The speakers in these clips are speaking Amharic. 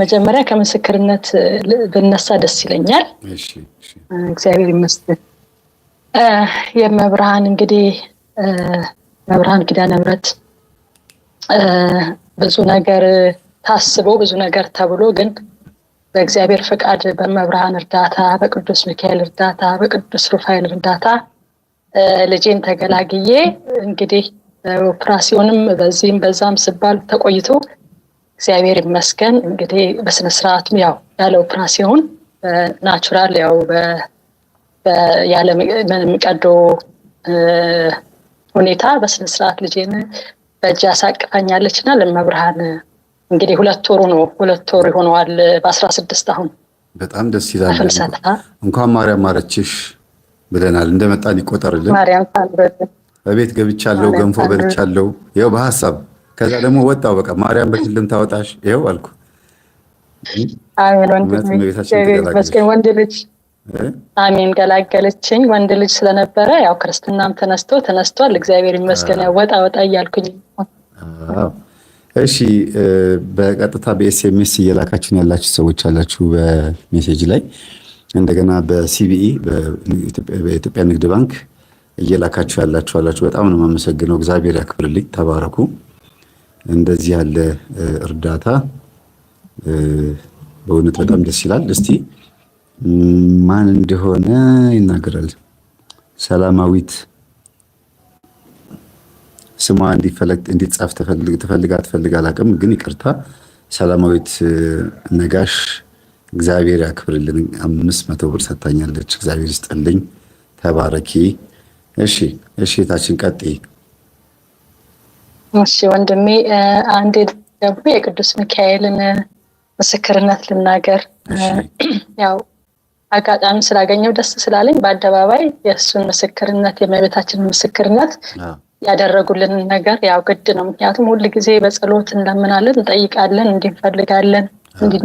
መጀመሪያ ከምስክርነት ብነሳ ደስ ይለኛል። እግዚአብሔር ይመስገን። የመብርሃን እንግዲህ መብርሃን ኪዳነ ምሕረት ብዙ ነገር ታስቦ ብዙ ነገር ተብሎ ግን በእግዚአብሔር ፈቃድ በመብርሃን እርዳታ፣ በቅዱስ ሚካኤል እርዳታ፣ በቅዱስ ሩፋኤል እርዳታ ልጄን ተገላግዬ እንግዲህ ኦፕራሲዮንም በዚህም በዛም ስባል ተቆይቶ እግዚአብሔር ይመስገን እንግዲህ በስነ ስርዓት ያው ያለ ሲሆን ናቹራል ያው ያለ የሚቀዶ ሁኔታ በስነ ስርዓት ልጄን በእጅ ያሳቅፈኛለች እና ለመብርሃን እንግዲህ ሁለት ወሩ ነው ሁለት ወሩ ይሆነዋል። በአስራ ስድስት አሁን በጣም ደስ ይላል። እንኳን ማርያም ማረችሽ ብለናል። እንደመጣን ይቆጠርልን። ማርያም በቤት ገብቻለሁ፣ ገንፎ በልቻለሁ፣ ያው በሀሳብ ከዛ ደግሞ ወጣው በቃ ማርያም በሽልም ታወጣሽ ይኸው አልኩ። አሜን ወንድ ልጅ አሜን ገላገለችኝ። ወንድ ልጅ ስለነበረ ያው ክርስትናም ተነስቶ ተነስቷል። እግዚአብሔር ይመስገን። ያው ወጣ ወጣ እያልኩኝ እሺ። በቀጥታ በኤስኤምኤስ እየላካችን ያላችሁ ሰዎች አላችሁ በሜሴጅ ላይ እንደገና በሲቢኢ በኢትዮጵያ ንግድ ባንክ እየላካችሁ ያላችሁ አላችሁ። በጣም ነው የማመሰግነው። እግዚአብሔር ያክብርልኝ። ተባረኩ። እንደዚህ ያለ እርዳታ በእውነት በጣም ደስ ይላል። እስቲ ማን እንደሆነ ይናገራል። ሰላማዊት ስሟ እንዲጻፍ ትፈልጋ ትፈልግ አላውቅም፣ ግን ይቅርታ ሰላማዊት ነጋሽ እግዚአብሔር ያክብርልን። አምስት መቶ ብር ሰጥታኛለች። እግዚአብሔር ይስጥልኝ። ተባረኪ። እሺ፣ እሺ። ታችን ቀጥይ እሺ ወንድሜ አንዴ ደግሞ የቅዱስ ሚካኤልን ምስክርነት ልናገር። ያው አጋጣሚ ስላገኘው ደስ ስላለኝ በአደባባይ የእሱን ምስክርነት የመቤታችንን ምስክርነት ያደረጉልን ነገር ያው ግድ ነው። ምክንያቱም ሁል ጊዜ በጸሎት እንለምናለን፣ እንጠይቃለን፣ እንዲንፈልጋለን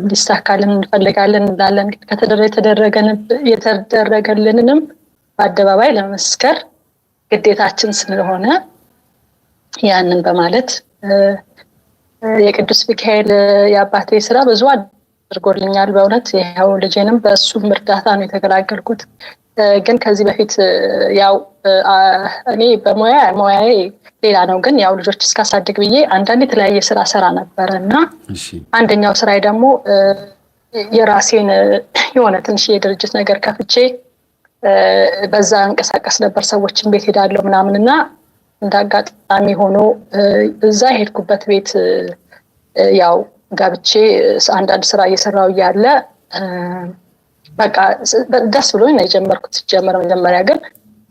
እንዲሳካልን እንፈልጋለን እንላለን። የተደረገልንንም በአደባባይ ለመስከር ግዴታችን ስለሆነ ያንን በማለት የቅዱስ ሚካኤል የአባቴ ስራ ብዙ አድርጎልኛል። በእውነት ይው ልጄንም በእሱም እርዳታ ነው የተገላገልኩት። ግን ከዚህ በፊት ያው እኔ በሙያ ሙያዬ ሌላ ነው። ግን ያው ልጆች እስካሳድግ ብዬ አንዳንድ የተለያየ ስራ ሰራ ነበረ እና አንደኛው ስራዬ ደግሞ የራሴን የሆነ ትንሽ የድርጅት ነገር ከፍቼ በዛ እንቀሳቀስ ነበር። ሰዎችን ቤት ሄዳለሁ ምናምን እና እንደ አጋጣሚ ሆኖ እዛ የሄድኩበት ቤት ያው ጋብቼ አንዳንድ ስራ እየሰራው እያለ በቃ ደስ ብሎኝ ነው የጀመርኩት። ሲጀመር መጀመሪያ ግን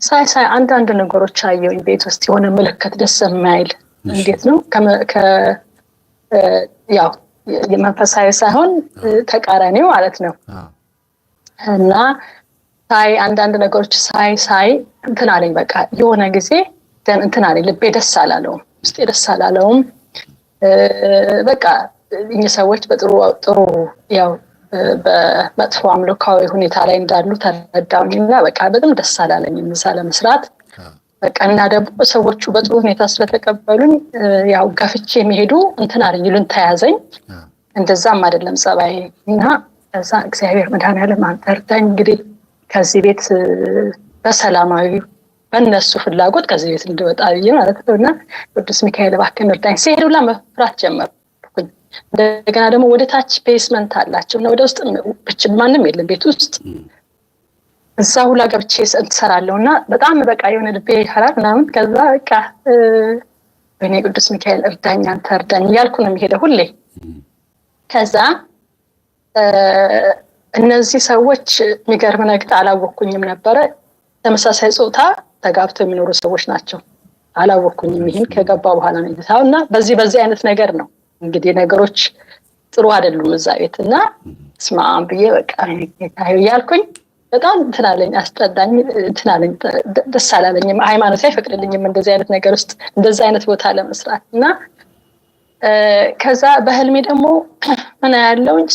ሳይ ሳይ አንዳንድ ነገሮች አየሁኝ ቤት ውስጥ የሆነ ምልክት ደስ የማይል እንዴት ነው ያው የመንፈሳዊ ሳይሆን ተቃራኒው ማለት ነው እና ሳይ አንዳንድ ነገሮች ሳይ ሳይ እንትን አለኝ በቃ የሆነ ጊዜ እንትን አለኝ። ልቤ ደስ አላለውም፣ ውስጤ ደስ አላለውም። በቃ እኚህ ሰዎች በጥሩ ጥሩ ያው በመጥፎ አምልካዊ ሁኔታ ላይ እንዳሉ ተረዳሁኝና በቃ በጣም ደስ አላለኝ እዛ ለመስራት በቃ እና ደግሞ ሰዎቹ በጥሩ ሁኔታ ስለተቀበሉኝ ያው ገፍቼ የሚሄዱ እንትን አለኝ ይሉንታ ተያዘኝ። እንደዛም አይደለም ጸባይ እና እዛ እግዚአብሔር መድኃኒዓለም አንተ እርዳኝ እንግዲህ ከዚህ ቤት በሰላማዊ በእነሱ ፍላጎት ከዚህ ቤት እንድወጣ ብዬ ማለት ነው። እና ቅዱስ ሚካኤል እባክህን እርዳኝ ሲሄድ ላ መፍራት ጀመርኩኝ። እንደገና ደግሞ ወደ ታች ቤስመንት አላቸው እና ወደ ውስጥ ማንም የለም ቤት ውስጥ እዛ ሁላ ገብቼ እንትሰራለሁ እና በጣም በቃ የሆነ ልቤ ይፈራል ምናምን። ከዛ በቃ በእኔ ቅዱስ ሚካኤል እርዳኝ፣ አንተ እርዳኝ እያልኩ ነው የሚሄደው ሁሌ። ከዛ እነዚህ ሰዎች የሚገርም ነገር አላወቅኩኝም ነበረ ተመሳሳይ ጾታ ተጋብተው የሚኖሩ ሰዎች ናቸው። አላወቅኩኝም። ይህን ከገባ በኋላ ነው እና በዚህ በዚህ አይነት ነገር ነው እንግዲህ ነገሮች ጥሩ አይደሉም እዛ ቤት እና ስማ ብዬ በቃ ያልኩኝ በጣም ትናለኝ አለኝ አስጠላኝ፣ እንትን ደስ አላለኝም። ሃይማኖት አይፈቅድልኝም እንደዚህ አይነት ነገር ውስጥ እንደዚህ አይነት ቦታ ለመስራት እና ከዛ በህልሜ ደግሞ ምን ያለውኝ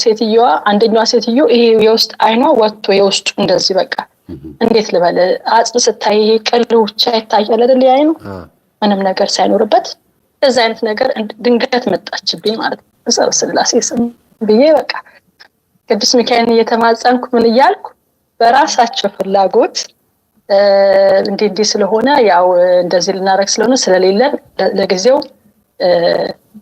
ሴትዮዋ አንደኛዋ ሴትዮ ይሄ የውስጥ አይኗ ወጥቶ የውስጡ እንደዚህ በቃ እንዴት ልበል፣ አጽም ስታይ ቅል ብቻ ይታያል አይደል? ያይ ነው ምንም ነገር ሳይኖርበት እዚ አይነት ነገር ድንገት መጣችብኝ ማለት ነው። ጸረ ስላሴ ስም ብዬ በቃ ቅዱስ ሚካኤልን እየተማጸንኩ ምን እያልኩ በራሳቸው ፍላጎት እንዲህ እንዲህ ስለሆነ ያው እንደዚህ ልናደረግ ስለሆነ ስለሌለን ለጊዜው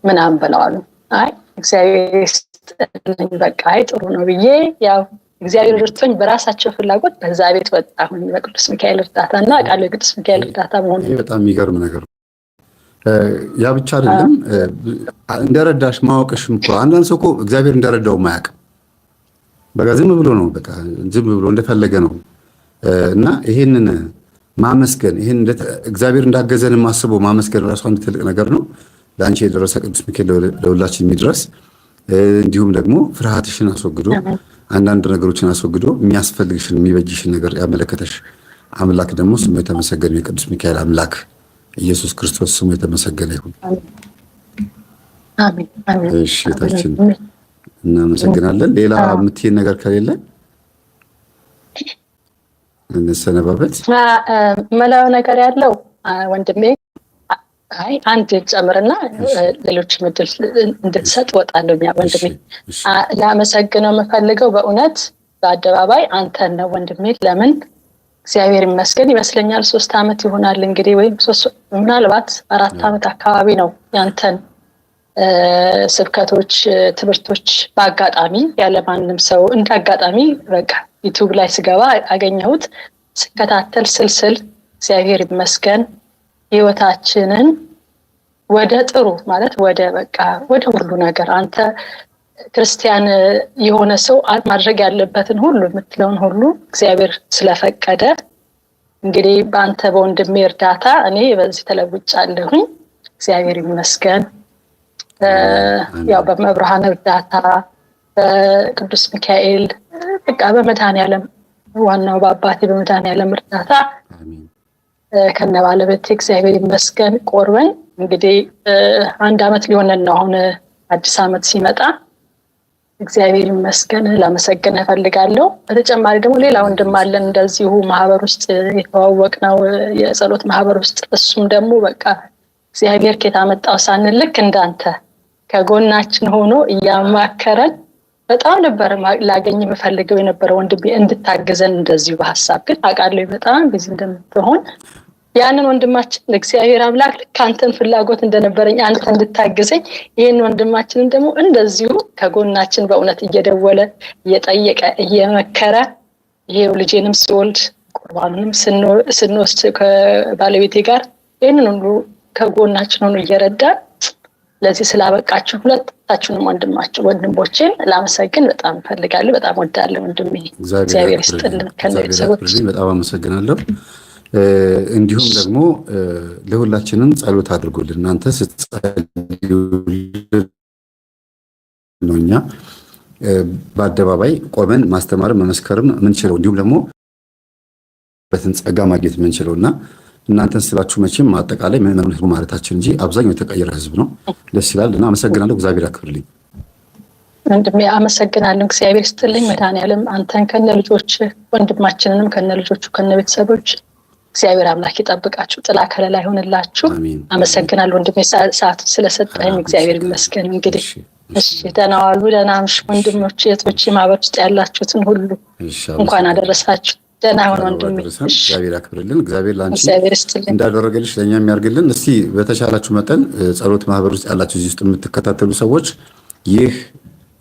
ምናምን ብለዋሉ። አይ እግዚአብሔር ይስጥልኝ በቃ አይ ጥሩ ነው ብዬ ያው እግዚአብሔር ርቶኝ በራሳቸው ፍላጎት በዛ ቤት ወጣሁኝ በቅዱስ ሚካኤል እርዳታ እና ቃሉ የቅዱስ ሚካኤል እርዳታ መሆኑ በጣም የሚገርም ነገር ያ ብቻ አይደለም እንደረዳሽ ማወቅሽም እኮ አንዳንድ ሰው እኮ እግዚአብሔር እንደረዳው ማያቅ በቃ ዝም ብሎ ነው በቃ ዝም ብሎ እንደፈለገ ነው እና ይሄንን ማመስገን ይሄን እግዚአብሔር እንዳገዘን ማስበው ማመስገን ራሱ አንድ ትልቅ ነገር ነው። ለአንቺ የደረሰ ቅዱስ ሚካኤል ለሁላችን የሚድረስ እንዲሁም ደግሞ ፍርሃትሽን አስወግዶ አንዳንድ ነገሮችን አስወግዶ የሚያስፈልግሽን የሚበጅሽን ነገር ያመለከተሽ አምላክ ደግሞ ስሙ የተመሰገነ የቅዱስ ሚካኤል አምላክ ኢየሱስ ክርስቶስ ስሙ የተመሰገነ ይሁን። እሺ ታችን እናመሰግናለን። ሌላ የምትሄድ ነገር ከሌለ እንሰነባበት። መላው ነገር ያለው ወንድሜ አይ አንድ ጨምርና ሌሎች ምድል እንድትሰጥ ወጣለሁ። ወንድሜ ላመሰግነው የምፈልገው በእውነት በአደባባይ አንተን ነው ወንድሜ። ለምን እግዚአብሔር ይመስገን ይመስለኛል ሶስት ዓመት ይሆናል እንግዲህ ወይም ምናልባት አራት ዓመት አካባቢ ነው ያንተን ስብከቶች፣ ትምህርቶች በአጋጣሚ ያለማንም ሰው እንደ አጋጣሚ በቃ ዩቱብ ላይ ስገባ አገኘሁት ስከታተል ስልስል እግዚአብሔር ይመስገን ህይወታችንን ወደ ጥሩ ማለት ወደ በቃ ወደ ሁሉ ነገር አንተ ክርስቲያን የሆነ ሰው ማድረግ ያለበትን ሁሉ የምትለውን ሁሉ እግዚአብሔር ስለፈቀደ እንግዲህ በአንተ በወንድሜ እርዳታ እኔ በዚህ ተለውጫለሁኝ። እግዚአብሔር ይመስገን። ያው በመብርሃን እርዳታ፣ በቅዱስ ሚካኤል በቃ በመድኃኔዓለም ዋናው በአባቴ በመድኃኔዓለም እርዳታ ከነባለቤት እግዚአብሔር ይመስገን ቆርበን እንግዲህ አንድ አመት ሊሆነን ነው። አሁን አዲስ አመት ሲመጣ እግዚአብሔር ይመስገን ላመሰግን እፈልጋለሁ። በተጨማሪ ደግሞ ሌላ ወንድም አለን እንደዚሁ ማህበር ውስጥ የተዋወቅ ነው የጸሎት ማህበር ውስጥ እሱም ደግሞ በቃ እግዚአብሔር ከየት አመጣው ልክ እንዳንተ ከጎናችን ሆኖ እያማከረን በጣም ነበር ላገኝ የምፈልገው የነበረ ወንድሜ እንድታገዘን እንደዚሁ በሀሳብ ግን አውቃለሁ በጣም ቢዚ እንደምትሆን ያንን ወንድማችን እግዚአብሔር አምላክ ልክ አንተን ፍላጎት እንደነበረኝ አንተ እንድታግዘኝ ይህን ወንድማችንን ደግሞ እንደዚሁ ከጎናችን በእውነት እየደወለ እየጠየቀ እየመከረ ይሄው ልጄንም ስወልድ ቁርባኑንም ስንወስድ ከባለቤቴ ጋር ይህንን ሁሉ ከጎናችን ሆኖ እየረዳን ለዚህ ስላበቃችሁ ሁለታችሁንም ወንድማችሁ ወንድሞቼን ላመሰግን በጣም እፈልጋለሁ። በጣም ወዳለሁ ወንድሜ፣ እግዚአብሔር ይስጥልን ከቤተሰቦች በጣም አመሰግናለሁ። እንዲሁም ደግሞ ለሁላችንም ጸሎት አድርጎልን እናንተ ስትጸልዩልን ነው እኛ በአደባባይ ቆመን ማስተማርም መመስከርም ምንችለው እንዲሁም ደግሞ በትን ጸጋ ማግኘት ምንችለው እና እናንተን ስላችሁ መቼም አጠቃላይ ምዕመኑን ህዝቡ ማለታችን እንጂ አብዛኛው የተቀየረ ህዝብ ነው። ደስ ይላል እና አመሰግናለሁ። እግዚአብሔር ያክብርልኝ ወንድሜ። አመሰግናለሁ። እግዚአብሔር ስጥልኝ። መድኃኔዓለም አንተን ከነ ልጆች ወንድማችንንም ከነ ልጆቹ ከነ ቤተሰቦች እግዚአብሔር አምላክ ይጠብቃችሁ፣ ጥላ ከለላ ይሆንላችሁ። አመሰግናለሁ ወንድሜ ሰዓት ስለሰጠኝ እግዚአብሔር ይመስገን። እንግዲህ እሺ ደህና ዋሉ፣ ደህና አምሽ ወንድሞች፣ እህቶች ማህበር ውስጥ ያላችሁትን ሁሉ እንኳን አደረሳችሁ። ደህና ሆኖ እግዚአብሔር ያክብርልን። እግዚአብሔር ለአንቺ እንዳደረገልሽ ለእኛ የሚያርግልን። እስቲ በተቻላችሁ መጠን ጸሎት ማህበር ውስጥ ያላችሁ እዚህ ውስጥ የምትከታተሉ ሰዎች ይህ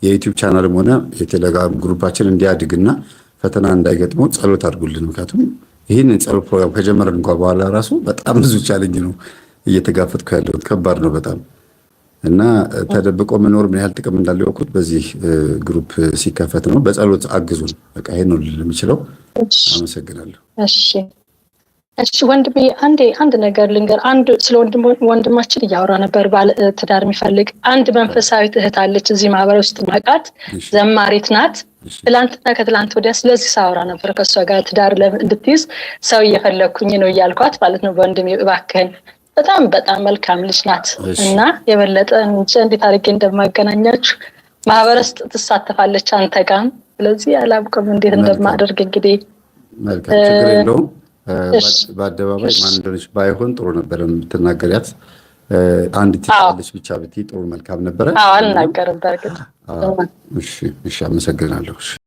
የዩቲዩብ ቻናልም ሆነ የቴሌግራም ግሩፓችን እንዲያድግና ፈተና እንዳይገጥመው ጸሎት አድርጉልን። ምክንያቱም ይህን ጸሎት ፕሮግራም ከጀመረን እንኳ በኋላ ራሱ በጣም ብዙ ቻለኝ ነው እየተጋፈጥኩ ያለሁት። ከባድ ነው በጣም እና ተደብቆ መኖር ምን ያህል ጥቅም እንዳለው ያውቁት በዚህ ግሩፕ ሲከፈት ነው። በጸሎት አግዙን። በቃ ይሄ ነው ልል የምችለው። አመሰግናለሁ። እሺ፣ እሺ ወንድሜ አንዴ አንድ ነገር ልንገር። አንድ ስለ ወንድማችን እያወራ ነበር፣ ባለ ትዳር የሚፈልግ አንድ መንፈሳዊ እህት አለች እዚህ ማህበረ ውስጥ ማቃት ዘማሪት ናት። ትላንትና ከትላንት ወዲያ ስለዚህ ሳወራ ነበር ከእሷ ጋር ትዳር እንድትይዝ ሰው እየፈለግኩኝ ነው እያልኳት ማለት ነው። ወንድሜ እባክህን በጣም በጣም መልካም ልጅ ናት እና የበለጠ እንዴት አድርጌ እንደማገናኛችሁ ማህበር ውስጥ ትሳተፋለች አንተ ጋም። ስለዚህ አላብቅም እንዴት እንደማደርግ እንግዲህ በአደባባይ ማን እንደሆነች ባይሆን ጥሩ ነበረ የምትናገሪያት። አንድ ትለች ብቻ ብትይ ጥሩ መልካም ነበረ። አልናገርም። በእርግጥ እሺ፣ አመሰግናለሁ።